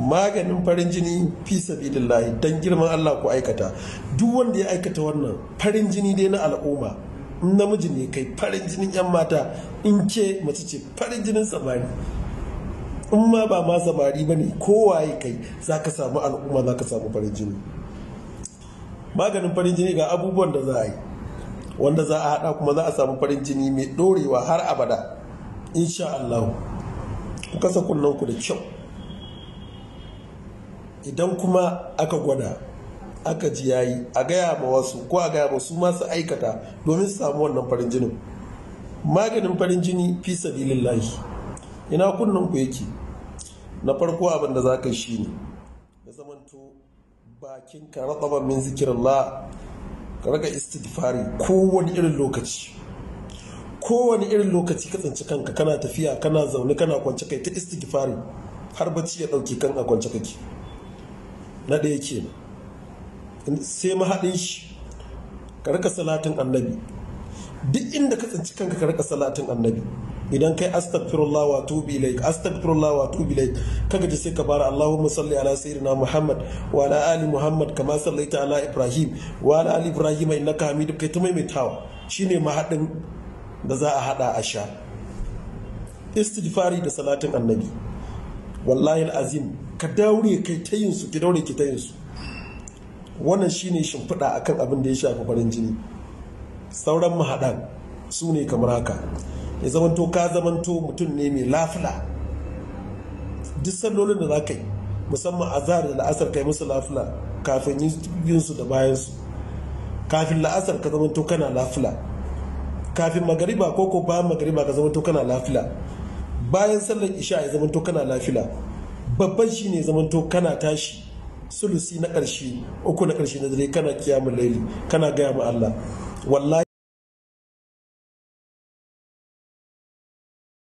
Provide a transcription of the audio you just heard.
maganin farin jini fi sabilillahi dan girman Allah ku aikata duk wanda ya aikata wannan farin jini dai na al'umma namiji ne kai farin jinin yan mata in ke mace ce farin jinin samari in ma ba ma samari ba ne kowaye kai za ka samu al'umma za ka samu farin jini maganin farin jini ga abubuwan da za a yi wanda za a haɗa kuma za a samu farin jini mai ɗorewa har abada insha Allah ku kasa kunnen ku da kyau idan kuma aka gwada aka ji yayi a gaya ma wasu ko a gaya ma su masu aikata domin su samu wannan farin jinin maganin farin jini fi sabilillahi ina kunnen ku yake na farko abin da zaka shi ne ya zamanto bakin ka rataba min zikirillah ka raka istighfari kowane irin lokaci kowane irin lokaci ka tsinci kanka kana tafiya kana zaune kana kwance kai ta istighfari har bacci ya dauke kan a kwance kake na ɗaya kenan sai mahaɗin shi ka rika salatin annabi duk inda ka tsinci kanka ka rika salatin annabi idan kai astagfirullah wa tubi ilaik astagfirullah wa tubi ilaik kaga ji sai ka fara Allahumma salli ala sayyidina Muhammad wa ala ali Muhammad kama sallaita ala Ibrahim wa ala ali Ibrahim innaka hamidu kai ta maimaitawa shine mahadin da za a hada a sha istighfari da salatin annabi wallahi alazim ka daure kai ta yin su ki daure ki ta yin su wannan shine shimfiɗa akan abin da ya shafi farin jini sauran mahaɗan su ne kamar haka ya zamanto ka zamanto mutum ne mai lafula duk sallolin da za ka yi musamman zahar da la'asar kai musu lafula kafin yin su da bayan su kafin la'asar ka zamanto kana lafula kafin magariba ko ko bayan magariba ka zamanto kana lafula bayan sallar isha ya zamanto kana lafula babban shi ne zamanto kana tashi sulusi na ƙarshe uku na ƙarshe na dare kana kiyamun laili kana gaya ma Allah wallahi